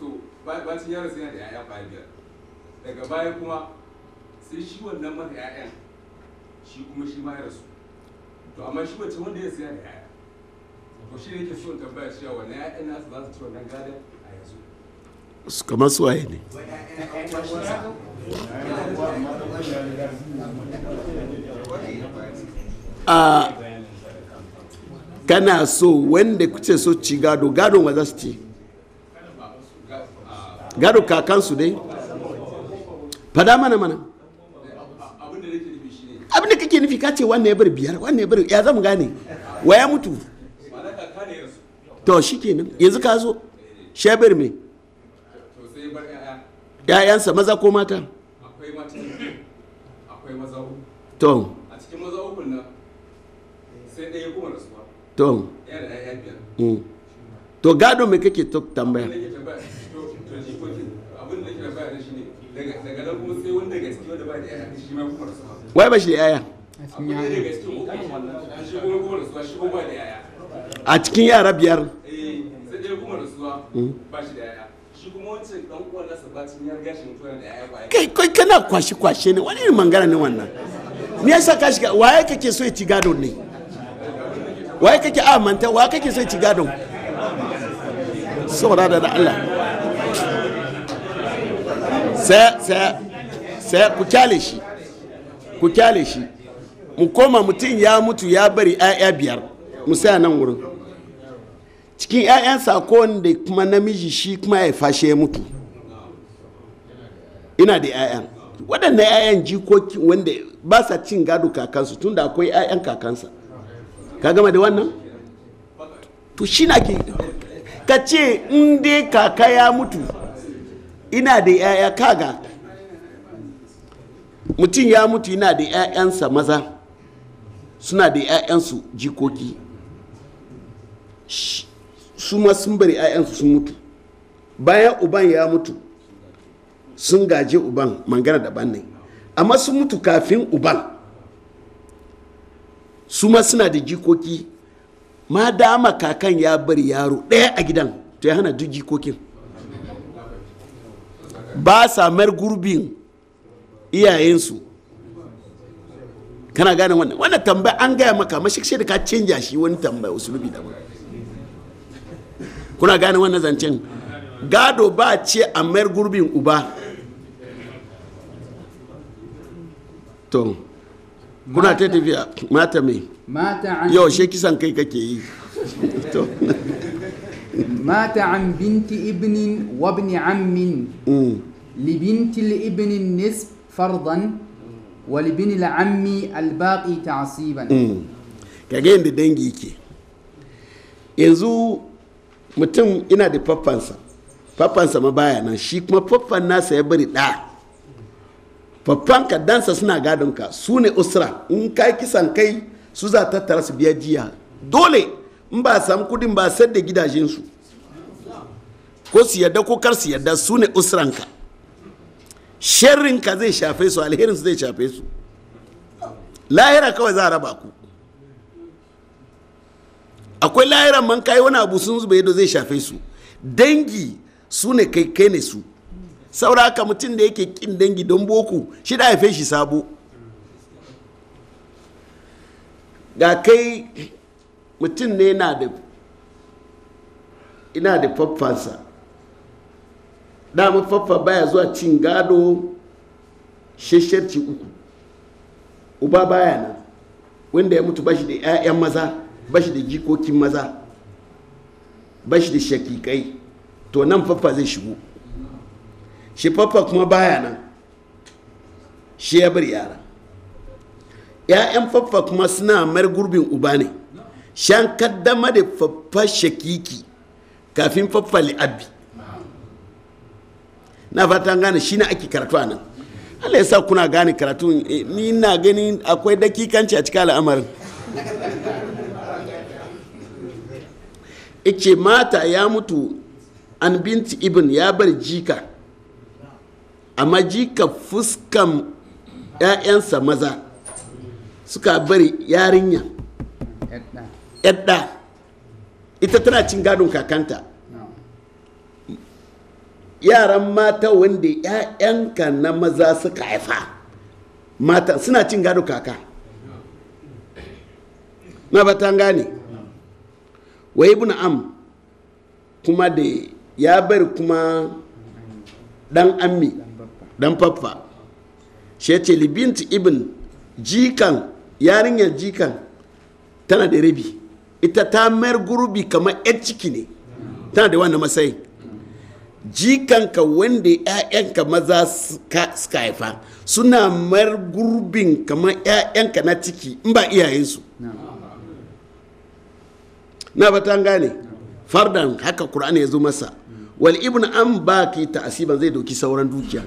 to bacin ya rasu yana da yaya kwaya biyar daga baya kuma sai shi wannan mara yayan shi kuma shi ma ya rasu to amma shi wacce wanda ya siya da yaya to shi ne yake so tambaya cewa na yaya nasu za su ci wannan gada a yanzu su kamar su waye ne a kana so wanda kuce so ci gado gado wa za su ci gado kakansu dai fada mana mana abin da kake nufi kace wannan ya bar biyar wannan ya bar ya zamu gane waya mutu to shikenan yanzu ka zo shebir me to sai bar ya'yansa maza ko mata akwai mata akwai maza to a cikin maza uku nan sai ɗaya kuma rasuwa to yana da ya'ya biyar mm. to gado me kake tok tambaya wai ba shi da yaya a cikin yara biyar eh, kai kai kana kwashe kwashe ne wani mangana ne wannan me yasa ka shiga waye kake so ya ci gado ne waye kake a manta waye kake so ya ci gado saboda da Allah sai sai sai ku kyale shi ku kyale shi mu koma mutum ya mutu ya bari 'ya'ya biyar musa saya nan wurin cikin 'ya'yan sakon da kuma namiji shi kuma ya fashe ya mutu ina da 'ya'yan waɗanda 'ya'yan jikoki wanda ba sa cin gado kakansu tunda akwai 'ya'yan kakansa ka gama da wannan to shi na ke ka ce in kaka ya mutu ina da 'ya'ya kaga mutum ya mutu yana da 'ya'yansa maza suna da 'ya'yansu jikoki su ma sun bari 'ya'yansu sun mutu bayan uban ya mutu sun gaje uban mangana daban ne amma sun mutu kafin uban su ma suna da jikoki ma dama kakan ya bari yaro ɗaya a gidan to ya hana duk jikokin ba sa mar gurbin iyayensu kana gane wannan wannan tambaya an gaya maka mashi shi da ka canja shi wani tambaya usulubi da wani kuna gane wannan zancen gado ba ce a mayar gurbin uba to kuna ta tafiya mata mai yau she kisan kai kake yi to mata an binti ibnin wa ibn ammin mm. libintil ibnin nisf fardan walibin la'ammi albaƙi ta'asiban hmm. kage yadda dangi ke yanzu mutum ina da faffansa faffansa ma baya nan shi kuma faffan nasa ya bari ɗa faffan ka dansa suna gadon ka su ne usra in ka kisan kai su za tattara su biya jiya dole in ba sam kudin ba sai da gidajensu ko su yadda ko kar su yadda su ne usranka sharrinka zai shafe su alherinsu zai shafe su lahira kawai za a raba ku akwai lahiran man kai wani abu sun zuba yadda zai shafe su dangi su ne kai kai ne su saura mutum da yake kin dangi don boku shi da haife shi sabo ga kai mutum ne na da ina da faffansa dama faffa baya zuwa cin gado shesherci uku uba baya nan wanda ya mutu bashi da 'ya'yan maza bashi da jikokin maza bashi da shakikai to nan faffa zai shigo shi faffa kuma baya nan shi ya bar yara 'ya'yan faffa kuma suna mar gurbin uba ne shan kaddama da faffa shakiki kafin faffa li'abbi na fata gane shi na ake karatu a nan Allah ya sa kuna gane karatu eh, ni na gani akwai dakikanci a cikin al'amarin ice mata ya mutu an binti ibn ya bar jika amma jika fuskan 'ya'yansa maza suka bari yarinya yadda ita tana cin gadon kakanta yaran mata wanda 'ya'yanka na maza suka haifa mata suna cin gado kaka na batan gane wa ibn am kuma da ya bar kuma dan ammi dan faffa shi ya ce libint ibn jikan yarinyar jikan tana da rabi ita ta mayar gurbi kamar 'yan ciki ne tana da wannan matsayin jikanka wanda 'ya'yanka maza suka haifa suna mar gurbin kamar 'ya'yanka na ciki in ba iyayensu na ba ta gane fardan haka kur'ani ya zo masa wal ibn an ba ki ta'asiban zai doki sauran dukiya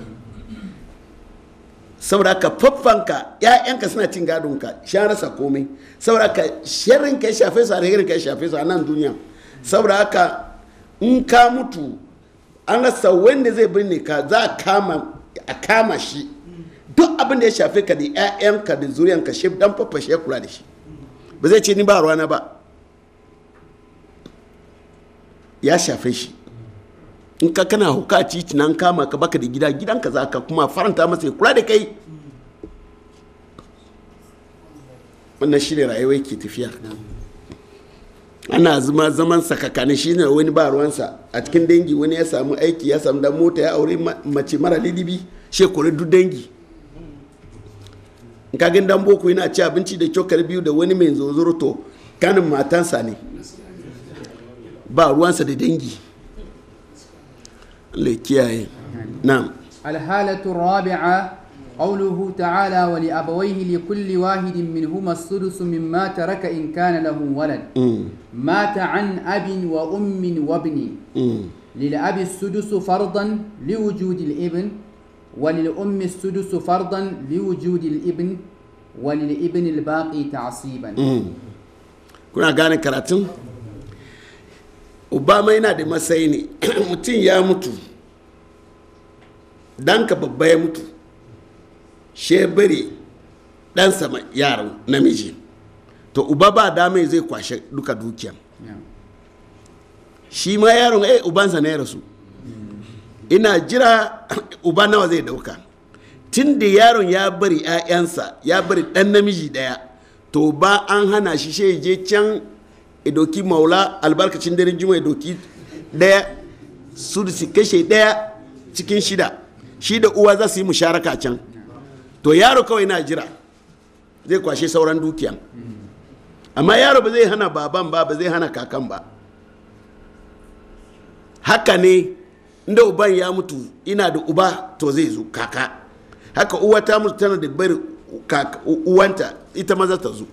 saboda ka faffanka ya'yanka suna cin gadonka sha rasa komai saboda ka sharrin ya ka ya shafe su a nan duniya saboda haka in ka mutu an rasa wanda zai birne ka za a kama shi duk abin da ya shafi ka da ka da zuriyanka shi dan fafashe kula da shi ba zai ce ni ba rana ba ya shafe shi in ka kana huka a titi nan kama ka baka da gida gidanka za ka kuma faranta masa ya kula da kai wannan shi ne rayuwa ke tafiya ana zama zaman sakakani shine wani ba ruwansa a cikin dangi wani ya samu aiki ya samu da mota ya aure mace mara lidibi shekore duk dangi kagin dan boko yana ci abinci da cokar biyu da wani mai zozoro to kanin matansa ne ba ruwansa da dangi Allah kiyaye na. alhalatu rabi'a قوله تعالى ولأبويه لكل واحد منهما السدس مما ترك إن كان له ولد مات عن أب وأم وابن للأب السدس فرضا لوجود الابن وللأم السدس فرضا لوجود الابن وللابن الباقي تعصيبا كنا غاني كراتين obama yana da matsayi ne mutum ya mutu danka babba ya mutu shebari bari sama yaro namiji to uba ba mai zai kwashe duka dukiyan shi ma yaron eh ubansa ne ya rasu ina jira uba nawa zai dauka tun da yaron ya bari 'ya'yansa ya bari ɗan namiji daya to ba an hana shi shi je can idoki maula albarkacin daren juma idoki ɗaya su kashe ɗaya cikin shida shi da uwa za su yi musharaka can to yaro kawai na jira zai kwashe sauran dukiyan amma yaro ba zai hana baban ba ba zai hana kakan ba haka ne inda uban ya mutu ina da uba to zai zo kaka haka uwa ta mutu tana da bari uwanta ita maza ta zo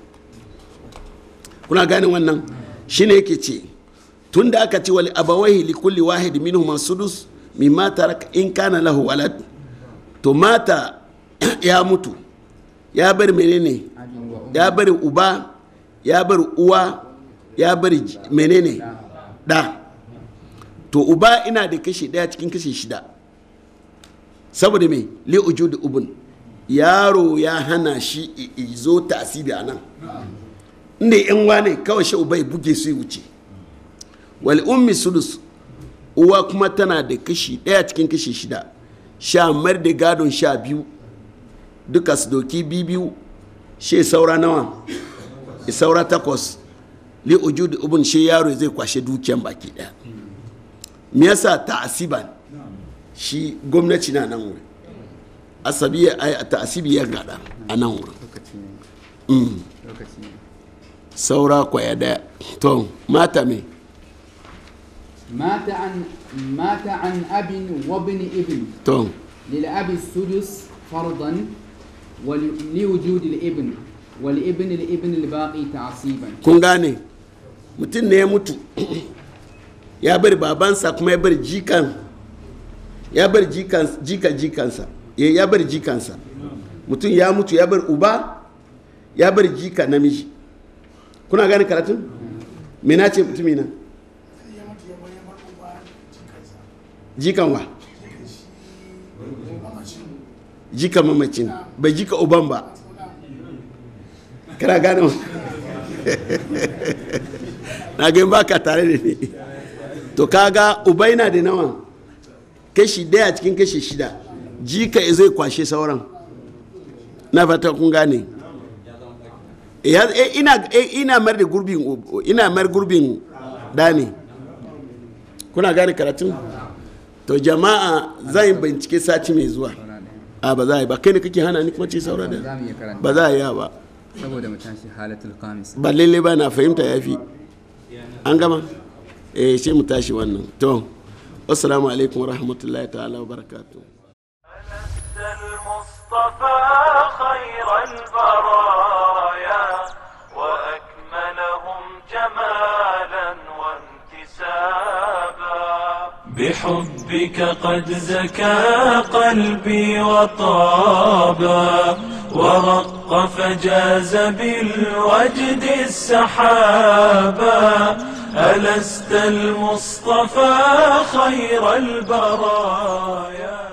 kuna gane wannan shine yake ce tun da aka ce wali abawahi li kulli wahid minhum sudus mimma tarak in kana lahu walad to mata ya mutu ya bar menene ya bar uba ya bar uwa ya bar menene da to uba ina da kashi daya cikin kashi shida saboda mai li da ubin yaro ya hana shi zo tasiri a nan inda yan wane kawai shi uba ya buge su ya wuce wal ummi sudus uwa kuma tana da kashi daya cikin kashi shida sha mar da gadon sha biyu duka su doki biyu she saura nawa saura takwas li ujud ubun shi yaro zai kwashe dukiyan baki daya me yasa ta'asiban shi gwamnati na nan wuri asabi ya ai ta'asibi ya gada a nan wuri mm. saura kwaya daya to mata me mata an mata an abin wa ibin to lil abi sudus fardan liwujudil ibn wal ibn al ibn al baqi ta'siban kun gane mutum ne ya mutu ya bar babansa kuma ya bar jikan ya bar jikan jika jikansa eh, ya bar jikansa mutum ya mutu ya bar uba ya bar jika namiji kuna gane karatun mina ce mutumina jikan wa jika mamacin bai jika uban ba kana gane na gani ba ka tare da ni to kaga ubai na da nawa kashi daya cikin kashi shida jika zai kwashe sauran na fata kun gane eh, ina eh, mar da gurbin ina mar gurbin dani kuna gane karatun to jama'a zan bincike sati mai zuwa a ba za a yi ba kai ne kake hana ni kuma ce saura da ba za a yi ba saboda mu halatul kamis ba lalle ba na fahimta ya fi an gama eh sai mu tashi wannan to assalamu alaikum wa ta'ala wa barakatuh بك قد زكى قلبي وطابا ورق فجاز بالوجد السحابا ألست المصطفى خير البرايا